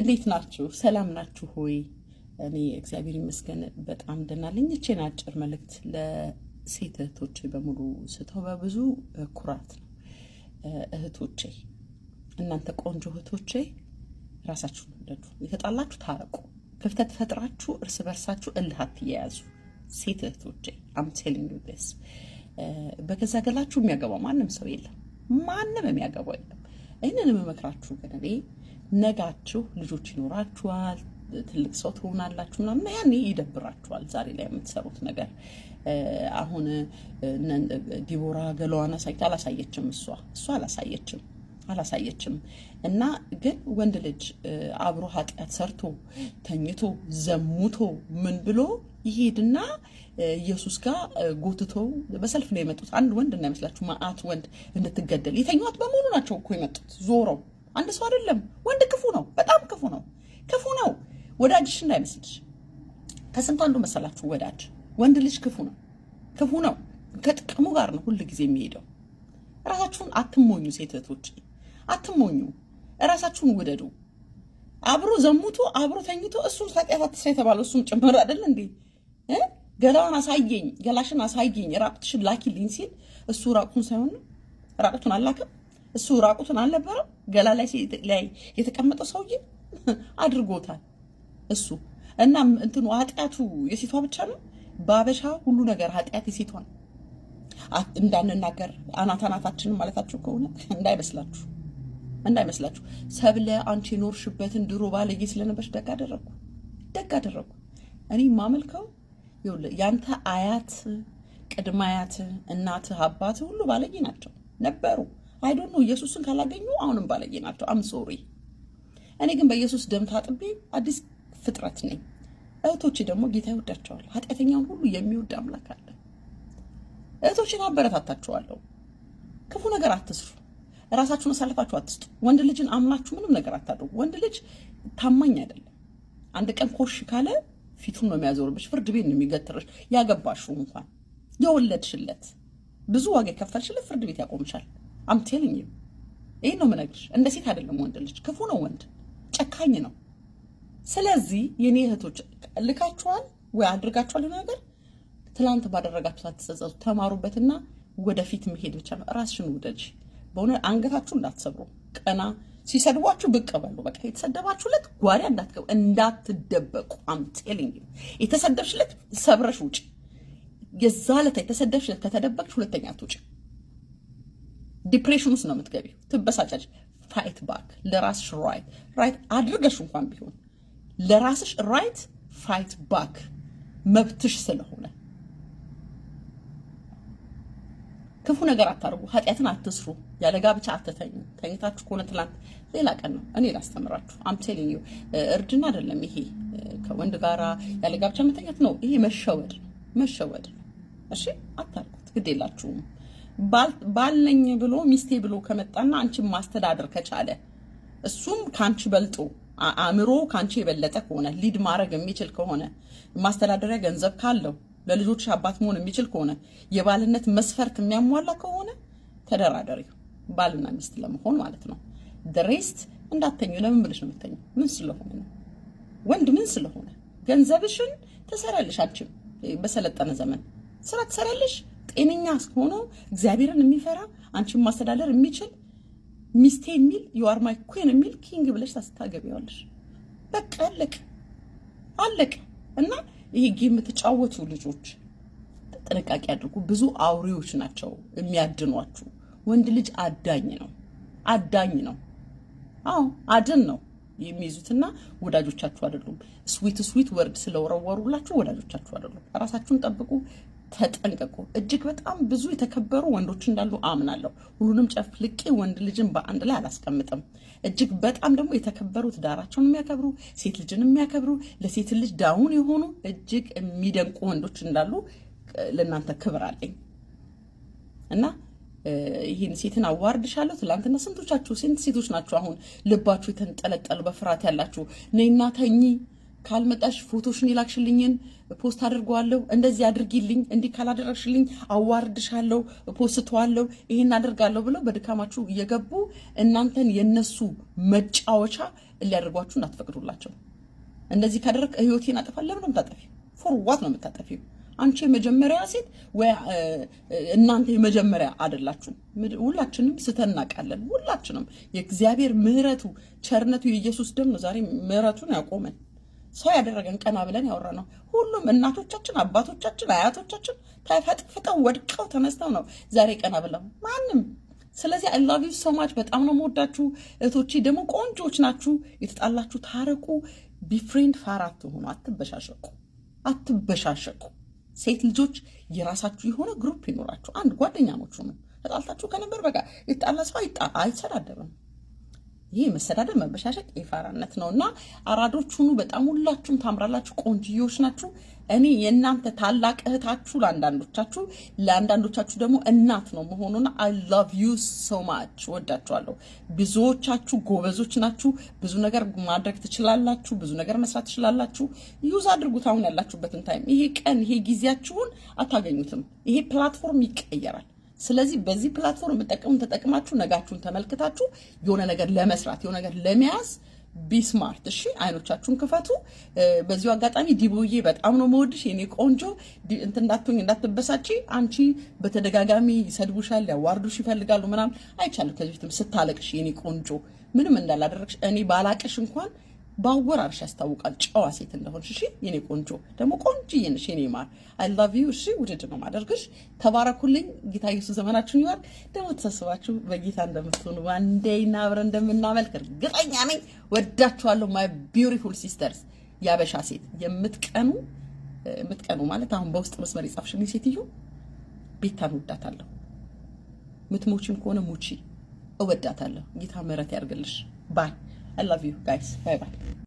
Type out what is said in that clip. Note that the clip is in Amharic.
እንዴት ናችሁ? ሰላም ናችሁ ሆይ? እኔ እግዚአብሔር ይመስገን በጣም ደህና ነኝ። እቼን አጭር መልእክት ለሴት እህቶቼ በሙሉ ስተው በብዙ ኩራት ነው። እህቶቼ እናንተ ቆንጆ እህቶቼ ራሳችሁን ወደዱ። የተጣላችሁ ታረቁ። ክፍተት ፈጥራችሁ እርስ በርሳችሁ እልህ አትያያዙ። ሴት እህቶቼ አም ቴሊንግ ዩ ዲስ በገዛ ገላችሁ የሚያገባው ማንም ሰው የለም። ማንም የሚያገባው የለም። ይህንን የምመክራችሁ እንግዲህ ነጋችሁ ልጆች ይኖራችኋል፣ ትልቅ ሰው ትሆናላችሁ ምናምን ያኔ ይደብራችኋል። ዛሬ ላይ የምትሰሩት ነገር አሁን ዲቦራ ገለዋን አሳይታ አላሳየችም። እሷ እሷ አላሳየችም። አላሳየችም እና ግን ወንድ ልጅ አብሮ ኃጢአት ሰርቶ ተኝቶ ዘሙቶ ምን ብሎ ይሄድና ኢየሱስ ጋር ጎትቶ በሰልፍ ነው የመጡት። አንድ ወንድ እናይመስላችሁ መዓት ወንድ እንድትገደል የተኛት በሙሉ ናቸው እኮ የመጡት ዞረው። አንድ ሰው አይደለም። ወንድ ክፉ ነው፣ በጣም ክፉ ነው፣ ክፉ ነው። ወዳጅሽ እንዳይመስልሽ። ከስንቱ አንዱ መሰላችሁ ወዳጅ። ወንድ ልጅ ክፉ ነው፣ ክፉ ነው። ከጥቅሙ ጋር ነው ሁል ጊዜ የሚሄደው። ራሳችሁን አትሞኙ ሴት አትሞኙ፣ እራሳችሁን ውደዱ። አብሮ ዘሙቶ አብሮ ተኝቶ እሱን ኃጢአት አትስራ የተባለው እሱም ጭምር አይደል እንዴ? ገላዋን አሳየኝ፣ ገላሽን አሳየኝ፣ ራቁትሽን ላኪልኝ ሲል እሱ ራቁቱን ሳይሆን ራቁቱን አላከም። እሱ ራቁቱን አልነበረም። ገላ ላይ የተቀመጠው ሰውዬ አድርጎታል እሱ እና እንትኑ ኃጢአቱ የሴቷ ብቻ ነው። በአበሻ ሁሉ ነገር ኃጢአት ነው እንዳንናገር አናት አናታችንን ማለታችሁ ከሆነ እንዳይመስላችሁ። እንዳይመስላችሁ። ሰብለ አንቺ ኖርሽበትን ድሮ ባለጌ ስለነበርሽ ደግ አደረግኩ ደግ አደረግኩ። እኔ የማመልከው ያንተ አያት ቅድመ አያት እናት አባት ሁሉ ባለጌ ናቸው ነበሩ። ዶንት ኖ ኢየሱስን ካላገኙ አሁንም ባለጌ ናቸው። አም ሶሪ። እኔ ግን በኢየሱስ ደም ታጥቤ አዲስ ፍጥረት ነኝ። እህቶቼ ደግሞ ጌታ ይወዳቸዋል። ኃጢአተኛውን ሁሉ የሚወድ አምላክ አለ። እህቶችን አበረታታችኋለሁ። ክፉ ነገር አትስሩ። ራሳችሁን አሳልፋችሁ አትስጡ። ወንድ ልጅን አምናችሁ ምንም ነገር አታደርጉ። ወንድ ልጅ ታማኝ አይደለም። አንድ ቀን ኮሽ ካለ ፊቱን ነው የሚያዞርብሽ፣ ፍርድ ቤት ነው የሚገትርሽ። ያገባሽው እንኳን የወለድሽለት ብዙ ዋጋ የከፈልሽለት ፍርድ ቤት ያቆምሻል። አምቴልኝ ይህ ነው ምነግርሽ። እንደ ሴት አይደለም ወንድ ልጅ፣ ክፉ ነው ወንድ፣ ጨካኝ ነው። ስለዚህ የኔ እህቶች ልካችኋል ወይ አድርጋችኋል ነገር ትላንት ባደረጋችሁ አትጸጸቱ፣ ተማሩበትና ወደፊት መሄድ ብቻ ነው። ራስሽን ውደጅ። በሆነ አንገታችሁ እንዳትሰብሩ፣ ቀና ሲሰድቧችሁ ብቅ በሉ። በቃ የተሰደባችሁለት ጓሪያ እንዳትገቡ፣ እንዳትደበቁ። አምቴሊንግ የተሰደብሽለት ሰብረሽ ውጭ። የዛ ለታ የተሰደብሽለት ከተደበቅሽ ሁለተኛ ትውጭ። ዲፕሬሽን ውስጥ ነው የምትገቢው። ትበሳጫለሽ። ፋይት ባክ ለራስሽ ራይት ራይት አድርገሽ እንኳን ቢሆን ለራስሽ ራይት ፋይት ባክ መብትሽ ስለሆነ ክፉ ነገር አታርጉ፣ ኃጢአትን አትስሩ፣ ያለ ጋብቻ አትተኙ። ተኝታችሁ ከሆነ ትላንት ሌላ ቀን ነው። እኔ ላስተምራችሁ። አም እርድና አይደለም ይሄ። ከወንድ ጋራ ያለ ጋብቻ መተኛት ነው ይሄ። መሸወድ መሸወድ። እሺ አታርጉት፣ ግድ የላችሁም። ባልነኝ ብሎ ሚስቴ ብሎ ከመጣና አንቺን ማስተዳደር ከቻለ እሱም ከአንቺ በልጦ አእምሮ ከአንቺ የበለጠ ከሆነ ሊድ ማድረግ የሚችል ከሆነ ማስተዳደሪያ ገንዘብ ካለው ለልጆች አባት መሆን የሚችል ከሆነ የባልነት መስፈርት የሚያሟላ ከሆነ ተደራደሪ፣ ባልና ሚስት ለመሆን ማለት ነው። ድሬስት እንዳተኙ ለምን ብለሽ ነው የምተኙ? ምን ስለሆነ ነው? ወንድ ምን ስለሆነ ገንዘብሽን ትሰሪያለሽ። አንቺም በሰለጠነ ዘመን ስራ ትሰሪያለሽ። ጤነኛ ሆኖ እግዚአብሔርን የሚፈራ አንቺን ማስተዳደር የሚችል ሚስቴ የሚል የዋር ማይ ኩን የሚል ኪንግ ብለሽ ታስታገቢዋለሽ። በቃ አለቅ አለቅ እና ይህ ጌም የምትጫወቱ ልጆች ጥንቃቄ አድርጉ። ብዙ አውሬዎች ናቸው የሚያድኗችሁ። ወንድ ልጅ አዳኝ ነው፣ አዳኝ ነው። አዎ አድን ነው የሚይዙትና ወዳጆቻችሁ አይደሉም። ስዊት ስዊት ወርድ ስለወረወሩላችሁ ወዳጆቻችሁ አይደሉም። ራሳችሁን ጠብቁ። ተጠንቀቁ። እጅግ በጣም ብዙ የተከበሩ ወንዶች እንዳሉ አምናለሁ። ሁሉንም ጨፍልቄ ወንድ ልጅን በአንድ ላይ አላስቀምጥም። እጅግ በጣም ደግሞ የተከበሩ ትዳራቸውን የሚያከብሩ ሴት ልጅን የሚያከብሩ ለሴት ልጅ ዳውን የሆኑ እጅግ የሚደንቁ ወንዶች እንዳሉ ለእናንተ ክብር አለኝ እና ይህን ሴትን አዋርድሻለሁ። ትላንትና ስንቶቻችሁ ሴቶች ናችሁ አሁን ልባችሁ የተንጠለጠሉ በፍርሃት ያላችሁ ነይና ተኚ ካልመጣሽ ፎቶሽን ይላክሽልኝን ፖስት አድርጓለሁ፣ እንደዚህ አድርጊልኝ፣ እንዲህ ካላደረግሽልኝ አዋርድሻለሁ፣ ፖስተዋለሁ፣ ይሄን አደርጋለሁ ብለው በድካማችሁ እየገቡ እናንተን የነሱ መጫወቻ ሊያደርጓችሁ እናትፈቅዱላቸው። እንደዚህ ካደረግ ህይወቴን አጠፋል። ለምን ነው የምታጠፊው? ፎር ዋት ነው የምታጠፊው? አንቺ የመጀመሪያ ሴት ወይ እናንተ የመጀመሪያ አይደላችሁም። ሁላችንም ስተን እናውቃለን። ሁላችንም የእግዚአብሔር ምሕረቱ ቸርነቱ የኢየሱስ ደም ነው ዛሬ ምሕረቱን ያቆመን። ሰው ያደረገን ቀና ብለን ያወራ ነው። ሁሉም እናቶቻችን፣ አባቶቻችን፣ አያቶቻችን ተፈጥፍጠው ወድቀው ተነስተው ነው ዛሬ ቀና ብለው ማንም። ስለዚህ አይ ላቭ ዩ ሶ ማች በጣም ነው መወዳችሁ። እህቶቼ ደግሞ ቆንጆች ናችሁ። የተጣላችሁ ታረቁ። ቢፍሬንድ ፋራት ሆኑ። አትበሻሸቁ፣ አትበሻሸቁ። ሴት ልጆች የራሳችሁ የሆነ ግሩፕ ይኖራችሁ፣ አንድ ጓደኛሞች ሆኑ። ተጣልታችሁ ከነበር በቃ የተጣላ ሰው አይሰዳደብም። ይህ መሰዳደር መበሻሸቅ የፋራነት ነው እና አራዶች ሁኑ። በጣም ሁላችሁም ታምራላችሁ፣ ቆንጅዮች ናችሁ። እኔ የእናንተ ታላቅ እህታችሁ ለአንዳንዶቻችሁ ለአንዳንዶቻችሁ ደግሞ እናት ነው መሆኑና አይ ላቭ ዩ ሶ ማች ወዳችኋለሁ። ብዙዎቻችሁ ጎበዞች ናችሁ። ብዙ ነገር ማድረግ ትችላላችሁ። ብዙ ነገር መስራት ትችላላችሁ። ዩዝ አድርጉት አሁን ያላችሁበትን ታይም። ይሄ ቀን ይሄ ጊዜያችሁን አታገኙትም። ይሄ ፕላትፎርም ይቀየራል። ስለዚህ በዚህ ፕላትፎርም የምጠቀሙ ተጠቅማችሁ ነጋችሁን ተመልክታችሁ የሆነ ነገር ለመስራት የሆነ ነገር ለመያዝ ቢስማርት እሺ፣ አይኖቻችሁን ክፈቱ። በዚሁ አጋጣሚ ዲቦዬ በጣም ነው መወድሽ የኔ ቆንጆ። እንትን እንዳትሆኝ እንዳትበሳጪ። አንቺ በተደጋጋሚ ይሰድቡሻል፣ ያዋርዱሽ ይፈልጋሉ ምናምን አይቻለሁ። ከዚህ በፊትም ስታለቅሽ የኔ ቆንጆ ምንም እንዳላደረግሽ እኔ ባላቅሽ እንኳን ባወራርሽ ያስታውቃል ጨዋ ሴት እንደሆንሽ። እሺ የኔ ቆንጆ ደግሞ ቆንጆዬ ነሽ የኔ ማር፣ አይ ላቭ ዩ። እሺ ውድድ ነው ማደርግሽ። ተባረኩልኝ። ጌታ ኢየሱስ ዘመናችሁን ይዋል። ደግሞ ተሳስባችሁ በጌታ እንደምትሆኑ አንዴና አብረን እንደምናመልክ እርግጠኛ ነኝ። ወዳችኋለሁ ማይ ቢዩቲፉል ሲስተርስ፣ ያበሻ ሴት የምትቀኑ የምትቀኑ ማለት አሁን በውስጥ መስመር የጻፍሽልኝ ሴትዮ ቤታን ወዳታለሁ። ምትሞችም ከሆነ ሙቺ እወዳታለሁ። ጌታ ምሕረት ያድርግልሽ ባይ I love you guys. Bye bye.